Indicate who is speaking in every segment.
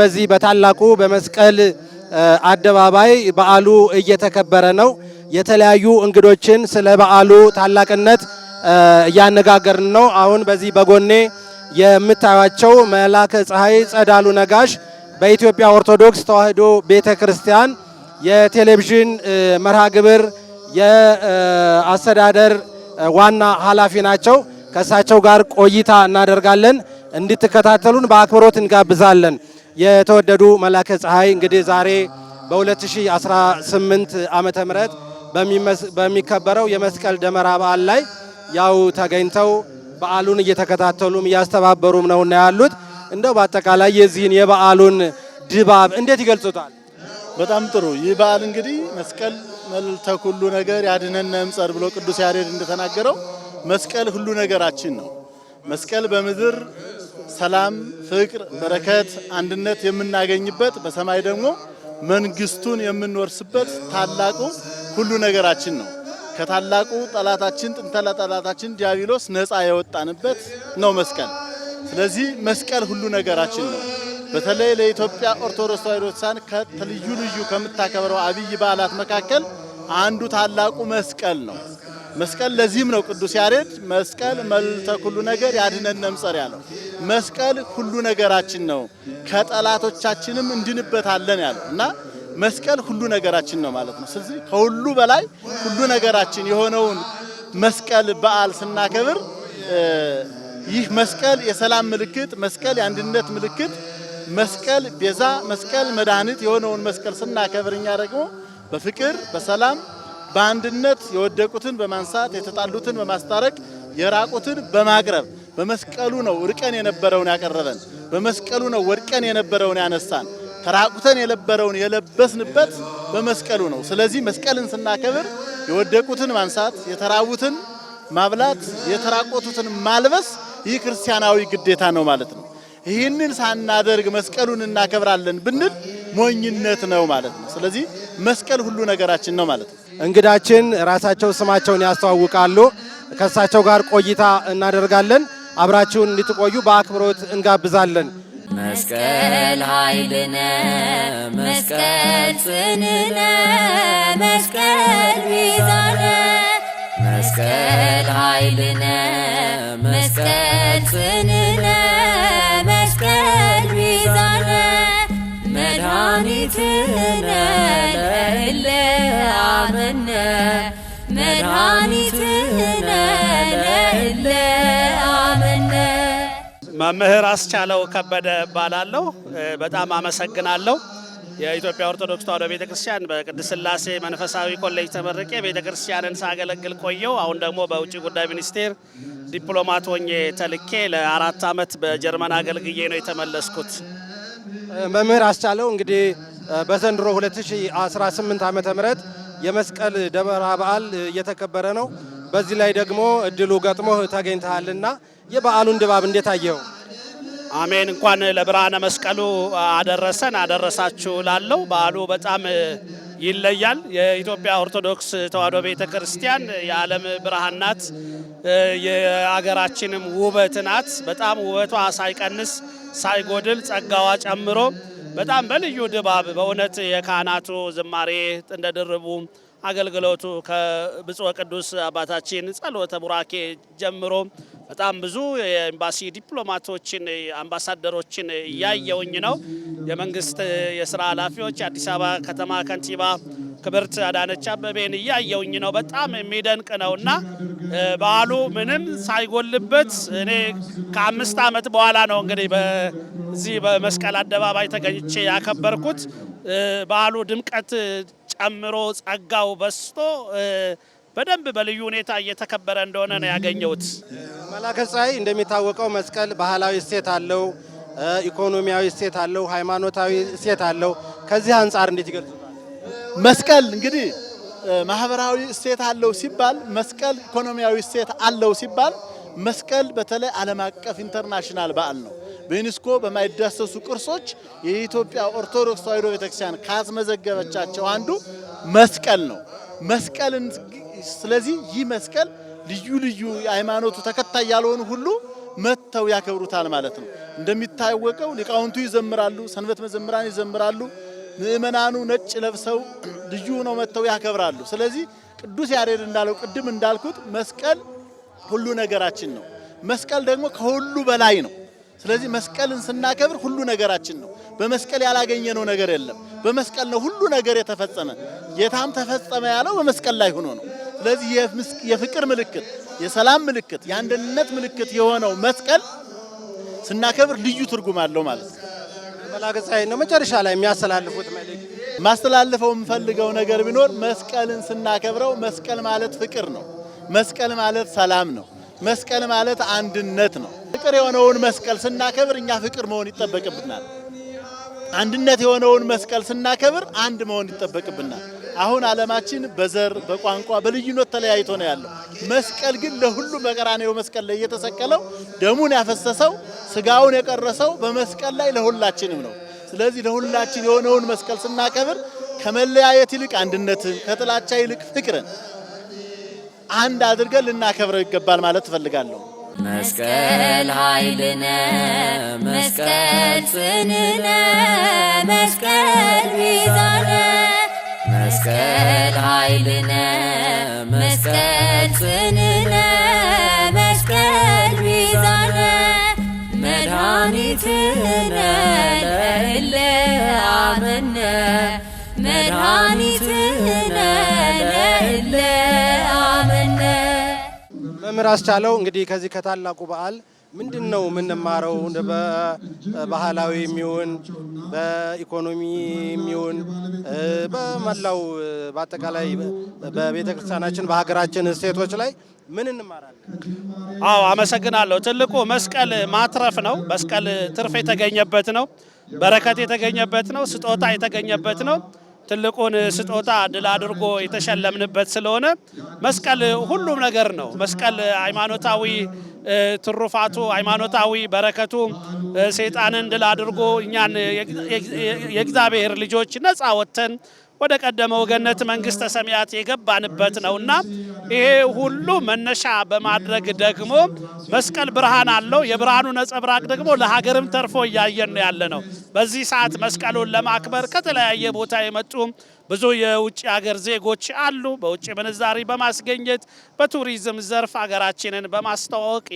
Speaker 1: በዚህ በታላቁ በመስቀል አደባባይ በዓሉ እየተከበረ ነው። የተለያዩ እንግዶችን ስለ በዓሉ ታላቅነት እያነጋገርን ነው። አሁን በዚህ በጎኔ የምታዩቸው መላከ ፀሐይ ጸዳሉ ነጋሽ በኢትዮጵያ ኦርቶዶክስ ተዋሕዶ ቤተ ክርስቲያን የቴሌቪዥን መርሃ ግብር የአስተዳደር ዋና ኃላፊ ናቸው። ከእሳቸው ጋር ቆይታ እናደርጋለን። እንድትከታተሉን በአክብሮት እንጋብዛለን። የተወደዱ መላከ ፀሐይ እንግዲህ ዛሬ በ2018 ዓመተ ምህረት በሚከበረው የመስቀል ደመራ በዓል ላይ ያው ተገኝተው በዓሉን እየተከታተሉም እያስተባበሩም እና ያሉት። እንደው በአጠቃላይ የዚህን የበዓሉን ድባብ እንዴት ይገልጹታል?
Speaker 2: በጣም ጥሩ። ይህ በዓል እንግዲህ መስቀል መልዕልተ ሁሉ ነገር ያድነነ እምጸር ብሎ ቅዱስ ያሬድ እንደተናገረው መስቀል ሁሉ ነገራችን ነው። መስቀል በምድር ሰላም፣ ፍቅር፣ በረከት፣ አንድነት የምናገኝበት በሰማይ ደግሞ መንግስቱን የምንወርስበት ታላቁ ሁሉ ነገራችን ነው። ከታላቁ ጠላታችን ጥንታላ ጠላታችን ዲያብሎስ ነፃ የወጣንበት ነው መስቀል። ስለዚህ መስቀል ሁሉ ነገራችን ነው። በተለይ ለኢትዮጵያ ኦርቶዶክስ ተዋሕዶ ክርስቲያን ልዩ ልዩ ከምታከብረው አብይ በዓላት መካከል አንዱ ታላቁ መስቀል ነው። መስቀል ለዚህም ነው ቅዱስ ያሬድ መስቀል መልዕልተ ኩሉ ነገር ያድኅነነ እምጸር ያለው። መስቀል ሁሉ ነገራችን ነው፣ ከጠላቶቻችንም እንድንበታለን ያለው እና መስቀል ሁሉ ነገራችን ነው ማለት ነው። ስለዚህ ከሁሉ በላይ ሁሉ ነገራችን የሆነውን መስቀል በዓል ስናከብር ይህ መስቀል የሰላም ምልክት፣ መስቀል የአንድነት ምልክት፣ መስቀል ቤዛ፣ መስቀል መድኃኒት የሆነውን መስቀል ስናከብር እኛ ደግሞ በፍቅር በሰላም በአንድነት የወደቁትን በማንሳት የተጣሉትን በማስታረቅ የራቁትን በማቅረብ በመስቀሉ ነው ርቀን የነበረውን ያቀረበን፣ በመስቀሉ ነው ወድቀን የነበረውን ያነሳን፣ ተራቁተን የነበረውን የለበስንበት በመስቀሉ ነው። ስለዚህ መስቀልን ስናከብር የወደቁትን ማንሳት፣ የተራቡትን ማብላት፣ የተራቆቱትን ማልበስ ይህ ክርስቲያናዊ ግዴታ ነው ማለት ነው። ይህንን ሳናደርግ መስቀሉን እናከብራለን ብንል ሞኝነት ነው ማለት ነው። ስለዚህ መስቀል ሁሉ ነገራችን ነው ማለት ነው።
Speaker 1: እንግዳችን ራሳቸው ስማቸውን ያስተዋውቃሉ። ከእሳቸው ጋር ቆይታ እናደርጋለን። አብራችሁን እንድትቆዩ በአክብሮት እንጋብዛለን።
Speaker 3: መስቀል ኃይልነ መስቀል ጽንነ መስቀል ቤዛነ መስቀል ኃይልነ መስቀል ጽንነ መስቀል ቤዛነ መድኃኒትነ ለእለ አመነ መድኃኒት
Speaker 4: መምህር አስቻለው ከበደ ባላለሁ። በጣም አመሰግናለሁ። የኢትዮጵያ ኦርቶዶክስ ተዋሕዶ ቤተክርስቲያን በቅድስት ስላሴ መንፈሳዊ ኮሌጅ ተመርቄ ቤተክርስቲያንን ሳገለግል ቆየው። አሁን ደግሞ በውጭ ጉዳይ ሚኒስቴር ዲፕሎማት ሆኜ ተልኬ ለአራት ዓመት በጀርመን አገልግዬ ነው የተመለስኩት።
Speaker 1: መምህር አስቻለው እንግዲህ በዘንድሮ 2018 ዓ ም የመስቀል ደመራ በዓል እየተከበረ ነው። በዚህ ላይ ደግሞ እድሉ ገጥሞ ተገኝተሃልና የበዓሉን ድባብ እንዴት አየኸው?
Speaker 4: አሜን። እንኳን ለብርሃነ መስቀሉ አደረሰን አደረሳችሁ ላለው በዓሉ በጣም ይለያል። የኢትዮጵያ ኦርቶዶክስ ተዋሕዶ ቤተ ክርስቲያን የዓለም ብርሃን ናት፣ የአገራችንም ውበት ናት። በጣም ውበቷ ሳይቀንስ ሳይጎድል ጸጋዋ ጨምሮ በጣም በልዩ ድባብ በእውነት የካህናቱ ዝማሬ እንደ ድርቡ አገልግሎቱ ከብፁዕ ቅዱስ አባታችን ጸሎተ ቡራኬ ጀምሮ በጣም ብዙ የኤምባሲ ዲፕሎማቶችን አምባሳደሮችን እያየውኝ ነው። የመንግስት የስራ ኃላፊዎች፣ የአዲስ አበባ ከተማ ከንቲባ ክብርት አዳነች አበቤን እያየውኝ ነው። በጣም የሚደንቅ ነው እና በዓሉ ምንም ሳይጎልበት እኔ ከአምስት ዓመት በኋላ ነው እንግዲህ በዚህ በመስቀል አደባባይ ተገኝቼ ያከበርኩት። በዓሉ ድምቀት ጨምሮ ጸጋው በስቶ በደንብ በልዩ ሁኔታ እየተከበረ እንደሆነ ነው ያገኘሁት።
Speaker 1: መላከ ፀሐይ እንደሚታወቀው መስቀል ባህላዊ እሴት አለው፣ ኢኮኖሚያዊ እሴት አለው፣ ሃይማኖታዊ እሴት አለው። ከዚህ አንጻር እንዴት ይገልጹታል?
Speaker 2: መስቀል እንግዲህ ማህበራዊ እሴት አለው ሲባል መስቀል ኢኮኖሚያዊ እሴት አለው ሲባል መስቀል በተለይ ዓለም አቀፍ ኢንተርናሽናል በዓል ነው። በዩኒስኮ በማይዳሰሱ ቅርሶች የኢትዮጵያ ኦርቶዶክስ ተዋሕዶ ቤተክርስቲያን ካስመዘገበቻቸው አንዱ መስቀል ነው። መስቀልን ስለዚህ ይህ መስቀል ልዩ ልዩ የሃይማኖቱ ተከታይ ያልሆኑ ሁሉ መጥተው ያከብሩታል ማለት ነው። እንደሚታወቀው ሊቃውንቱ ይዘምራሉ፣ ሰንበት መዘምራን ይዘምራሉ፣ ምእመናኑ ነጭ ለብሰው ልዩ ነው መጥተው ያከብራሉ። ስለዚህ ቅዱስ ያሬድ እንዳለው ቅድም እንዳልኩት መስቀል ሁሉ ነገራችን ነው። መስቀል ደግሞ ከሁሉ በላይ ነው። ስለዚህ መስቀልን ስናከብር ሁሉ ነገራችን ነው። በመስቀል ያላገኘነው ነገር የለም። በመስቀል ነው ሁሉ ነገር የተፈጸመ። ጌታም ተፈጸመ ያለው በመስቀል ላይ ሆኖ ነው። ስለዚህ የፍቅር ምልክት፣ የሰላም ምልክት፣ የአንድነት ምልክት የሆነው መስቀል ስናከብር ልዩ ትርጉም አለው ማለት ነው።
Speaker 1: መላገሳይ ነው መጨረሻ ላይ የሚያስተላልፉት መልእክት።
Speaker 2: ማስተላልፈው የምፈልገው ነገር ቢኖር መስቀልን ስናከብረው መስቀል ማለት ፍቅር ነው። መስቀል ማለት ሰላም ነው። መስቀል ማለት አንድነት ነው። ፍቅር የሆነውን መስቀል ስናከብር እኛ ፍቅር መሆን ይጠበቅብናል። አንድነት የሆነውን መስቀል ስናከብር አንድ መሆን ይጠበቅብናል። አሁን ዓለማችን በዘር በቋንቋ በልዩነት ተለያይቶ ነው ያለው። መስቀል ግን ለሁሉም በቀራንዮ መስቀል ላይ የተሰቀለው ደሙን ያፈሰሰው ስጋውን የቀረሰው በመስቀል ላይ ለሁላችንም ነው። ስለዚህ ለሁላችን የሆነውን መስቀል ስናከብር ከመለያየት ይልቅ አንድነትን፣ ከጥላቻ ይልቅ ፍቅርን አንድ አድርገን ልናከብረው ይገባል ማለት እፈልጋለሁ።
Speaker 3: መስቀል ኃይልነ መስቀል ጽንነ መስቀል ቤዛነ መስቀል ኃይልነ መስቀል ጽንዕነ መስቀል ቤዛነ መድኃኒትነ ለእለ አመነ መድኃኒትነ ለእለ አመነ
Speaker 1: መምህር አስቻለው እንግዲህ ከዚህ ከታላቁ በዓል ምንድን ነው የምንማረው? በባህላዊ የሚሆን በኢኮኖሚ የሚሆን በመላው በአጠቃላይ በቤተ ክርስቲያናችን በሀገራችን እሴቶች ላይ ምን እንማራለን?
Speaker 4: አዎ አመሰግናለሁ። ትልቁ መስቀል ማትረፍ ነው። መስቀል ትርፍ የተገኘበት ነው። በረከት የተገኘበት ነው። ስጦታ የተገኘበት ነው። ትልቁን ስጦታ ድል አድርጎ የተሸለምንበት ስለሆነ መስቀል ሁሉም ነገር ነው። መስቀል ሃይማኖታዊ ትሩፋቱ ሃይማኖታዊ በረከቱ ሰይጣንን ድል አድርጎ እኛን የእግዚአብሔር ልጆች ነጻ ወጥተን ወደ ቀደመ ወገነት መንግስተ ሰማያት የገባንበት ነውና ይሄ ሁሉ መነሻ በማድረግ ደግሞ መስቀል ብርሃን አለው። የብርሃኑ ነጸብራቅ ደግሞ ለሀገርም ተርፎ እያየን ያለ ነው። በዚህ ሰዓት መስቀሉን ለማክበር ከተለያየ ቦታ የመጡ ብዙ የውጭ ሀገር ዜጎች አሉ። በውጭ ምንዛሪ በማስገኘት በቱሪዝም ዘርፍ ሀገራችንን በማስተዋወቅ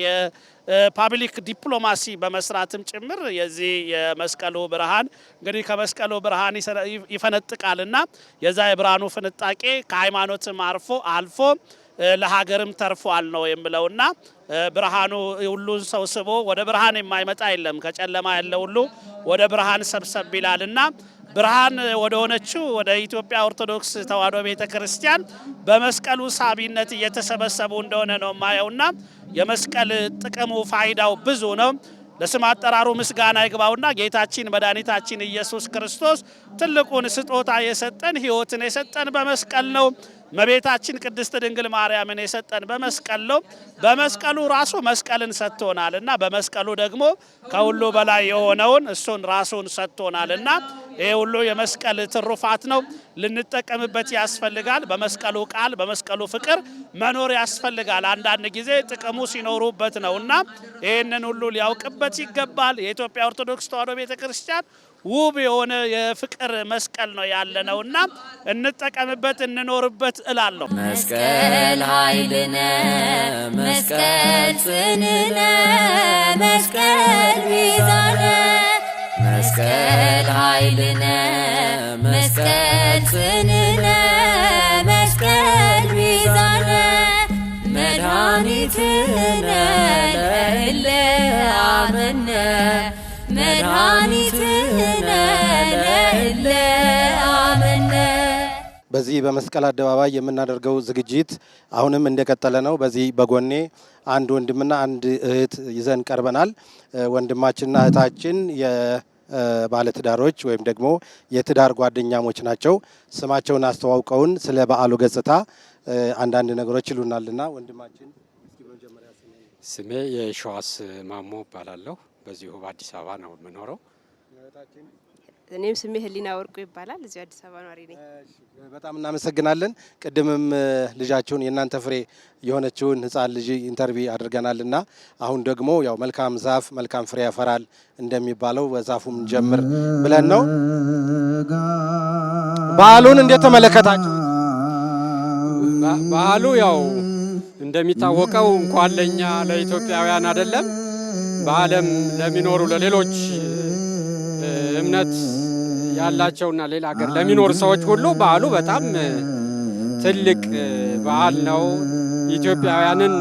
Speaker 4: ፓብሊክ ዲፕሎማሲ በመስራትም ጭምር የዚህ የመስቀሉ ብርሃን እንግዲህ ከመስቀሉ ብርሃን ይፈነጥቃል እና የዛ የብርሃኑ ፍንጣቄ ከሃይማኖትም አርፎ አልፎ ለሀገርም ተርፏል ነው የምለውና ብርሃኑ ሁሉን ሰው ስቦ ወደ ብርሃን የማይመጣ የለም። ከጨለማ ያለ ሁሉ ወደ ብርሃን ሰብሰብ ይላልና ብርሃን ወደ ሆነችው ወደ ኢትዮጵያ ኦርቶዶክስ ተዋሕዶ ቤተ ክርስቲያን በመስቀሉ ሳቢነት እየተሰበሰቡ እንደሆነ ነው የማየውና የመስቀል ጥቅሙ ፋይዳው ብዙ ነው። ለስም አጠራሩ ምስጋና ይግባውና ጌታችን መድኃኒታችን ኢየሱስ ክርስቶስ ትልቁን ስጦታ የሰጠን ሕይወትን የሰጠን በመስቀል ነው። መቤታችን ቅድስት ድንግል ማርያምን የሰጠን በመስቀል ነው። በመስቀሉ ራሱ መስቀልን ሰጥቶናል እና በመስቀሉ ደግሞ ከሁሉ በላይ የሆነውን እሱን ራሱን ሰጥቶናል እና ይሄ ሁሉ የመስቀል ትሩፋት ነው። ልንጠቀምበት ያስፈልጋል። በመስቀሉ ቃል፣ በመስቀሉ ፍቅር መኖር ያስፈልጋል። አንዳንድ ጊዜ ጥቅሙ ሲኖሩበት ነው እና ይህንን ሁሉ ሊያውቅበት ይገባል። የኢትዮጵያ ኦርቶዶክስ ተዋሕዶ ቤተ ክርስቲያን ውብ የሆነ የፍቅር መስቀል ነው ያለ ነው እና እንጠቀምበት፣ እንኖርበት እላለሁ።
Speaker 3: መስቀል ኃይልነ መስቀል ጽንዕነ መስቀል ቤዛነ መስቀል ኃይልነ መስቀል ጽንዕነ መስቀል ቤዛነ መድኃኒትነ ለእለ አመነ መድኃኒትነ ለእለ አመነ።
Speaker 1: በዚህ በመስቀል አደባባይ የምናደርገው ዝግጅት አሁንም እንደቀጠለ ነው። በዚህ በጎኔ አንድ ወንድምና አንድ እህት ይዘን ቀርበናል። ወንድማችንና እህታችን ባለትዳሮች ወይም ደግሞ የትዳር ጓደኛሞች ናቸው። ስማቸውን አስተዋውቀውን ስለ በዓሉ ገጽታ አንዳንድ ነገሮች ይሉናልና ወንድማችን
Speaker 5: ስሜ የሸዋስ ማሞ እባላለሁ። በዚሁ በአዲስ አበባ ነው የምኖረው።
Speaker 6: እኔም ስሜ ህሊና ወርቁ ይባላል። እዚሁ አዲስ አበባ ኗሪ ነኝ።
Speaker 1: በጣም እናመሰግናለን። ቅድምም ልጃችሁን የእናንተ ፍሬ የሆነችውን ህፃን ልጅ ኢንተርቪ አድርገናል እና አሁን ደግሞ ያው መልካም ዛፍ መልካም ፍሬ ያፈራል እንደሚባለው በዛፉም ጀምር ብለን ነው። በዓሉን እንዴት ተመለከታችሁ?
Speaker 7: በዓሉ ያው እንደሚታወቀው እንኳን ለእኛ ለኢትዮጵያውያን አይደለም በዓለም ለሚኖሩ ለሌሎች እምነት ያላቸውና ሌላ ሀገር ለሚኖሩ ሰዎች ሁሉ በዓሉ በጣም ትልቅ በዓል ነው። ኢትዮጵያውያንን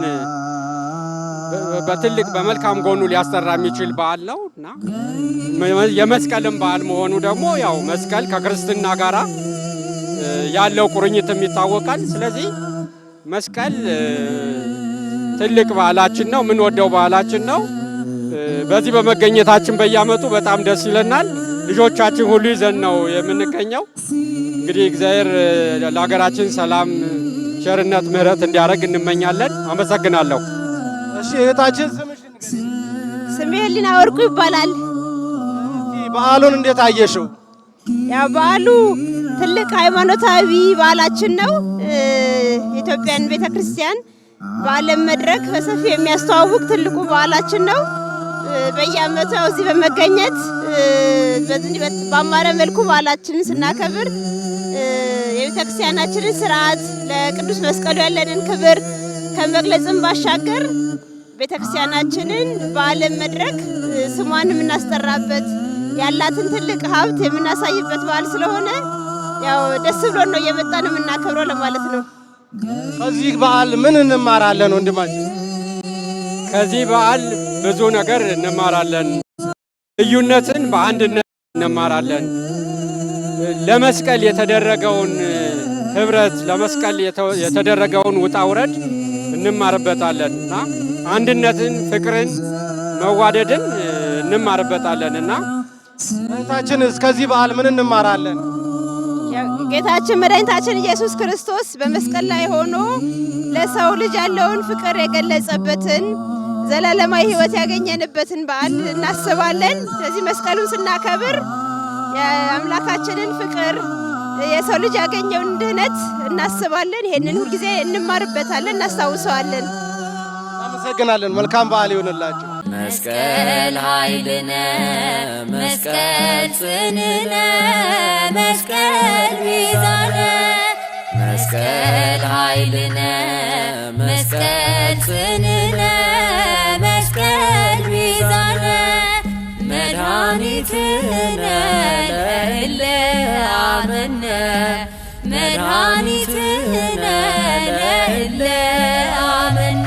Speaker 7: በትልቅ በመልካም ጎኑ ሊያሰራ የሚችል በዓል ነው እና የመስቀልም በዓል መሆኑ ደግሞ ያው መስቀል ከክርስትና ጋር ያለው ቁርኝትም ይታወቃል። ስለዚህ መስቀል ትልቅ በዓላችን ነው፣ ምንወደው በዓላችን ነው። በዚህ በመገኘታችን በየዓመቱ በጣም ደስ ይለናል። ልጆቻችን ሁሉ ይዘን ነው የምንገኘው። እንግዲህ እግዚአብሔር ለሀገራችን ሰላም፣ ቸርነት፣ ምሕረት እንዲያደርግ እንመኛለን። አመሰግናለሁ።
Speaker 1: እሺ እህታችን
Speaker 8: ስሜ ህሊና ወርቁ ይባላል።
Speaker 1: በዓሉን እንዴት አየሽው?
Speaker 8: ያ በዓሉ ትልቅ ሃይማኖታዊ በዓላችን ነው። የኢትዮጵያን ቤተክርስቲያን በአለም በዓለም መድረክ በሰፊ የሚያስተዋውቅ ትልቁ በዓላችን ነው። በየአመቱ ያው እዚህ በመገኘት በዚህ በአማረ መልኩ በዓላችንን ስናከብር የቤተክርስቲያናችንን ስርዓት ለቅዱስ መስቀሉ ያለንን ክብር ከመግለጽም ባሻገር ቤተክርስቲያናችንን በዓለም መድረክ ስሟን የምናስጠራበት ያላትን ትልቅ ሀብት የምናሳይበት በዓል ስለሆነ ያው ደስ ብሎን ነው እየመጣን የምናከብረው ለማለት ነው።
Speaker 1: ከዚህ በዓል ምን እንማራለን ወንድማችን?
Speaker 9: ከዚህ በዓል ብዙ ነገር እንማራለን። ልዩነትን በአንድነት እንማራለን። ለመስቀል የተደረገውን ህብረት፣ ለመስቀል የተደረገውን ውጣ ውረድ እንማርበታለን እና አንድነትን፣ ፍቅርን፣ መዋደድን እንማርበታለን እና
Speaker 1: እህታችን እስከዚህ በዓል ምን እንማራለን?
Speaker 8: ጌታችን መድኃኒታችን ኢየሱስ ክርስቶስ በመስቀል ላይ ሆኖ ለሰው ልጅ ያለውን ፍቅር የገለጸበትን ዘላለማዊ ህይወት ያገኘንበትን በዓል እናስባለን። ስለዚህ መስቀሉን ስናከብር የአምላካችንን ፍቅር የሰው ልጅ ያገኘውን ድህነት እናስባለን። ይህንን ሁልጊዜ እንማርበታለን፣ እናስታውሰዋለን።
Speaker 1: አመሰግናለን። መልካም በዓል ይሁንላችሁ።
Speaker 3: መስቀል ኃይልነ መስቀል ጽንነ መስቀል ሚዛነ መስቀል ኃይልነ መስቀል ጽንነ መድኃኒትነ ለእለአመነ መድኃኒትነ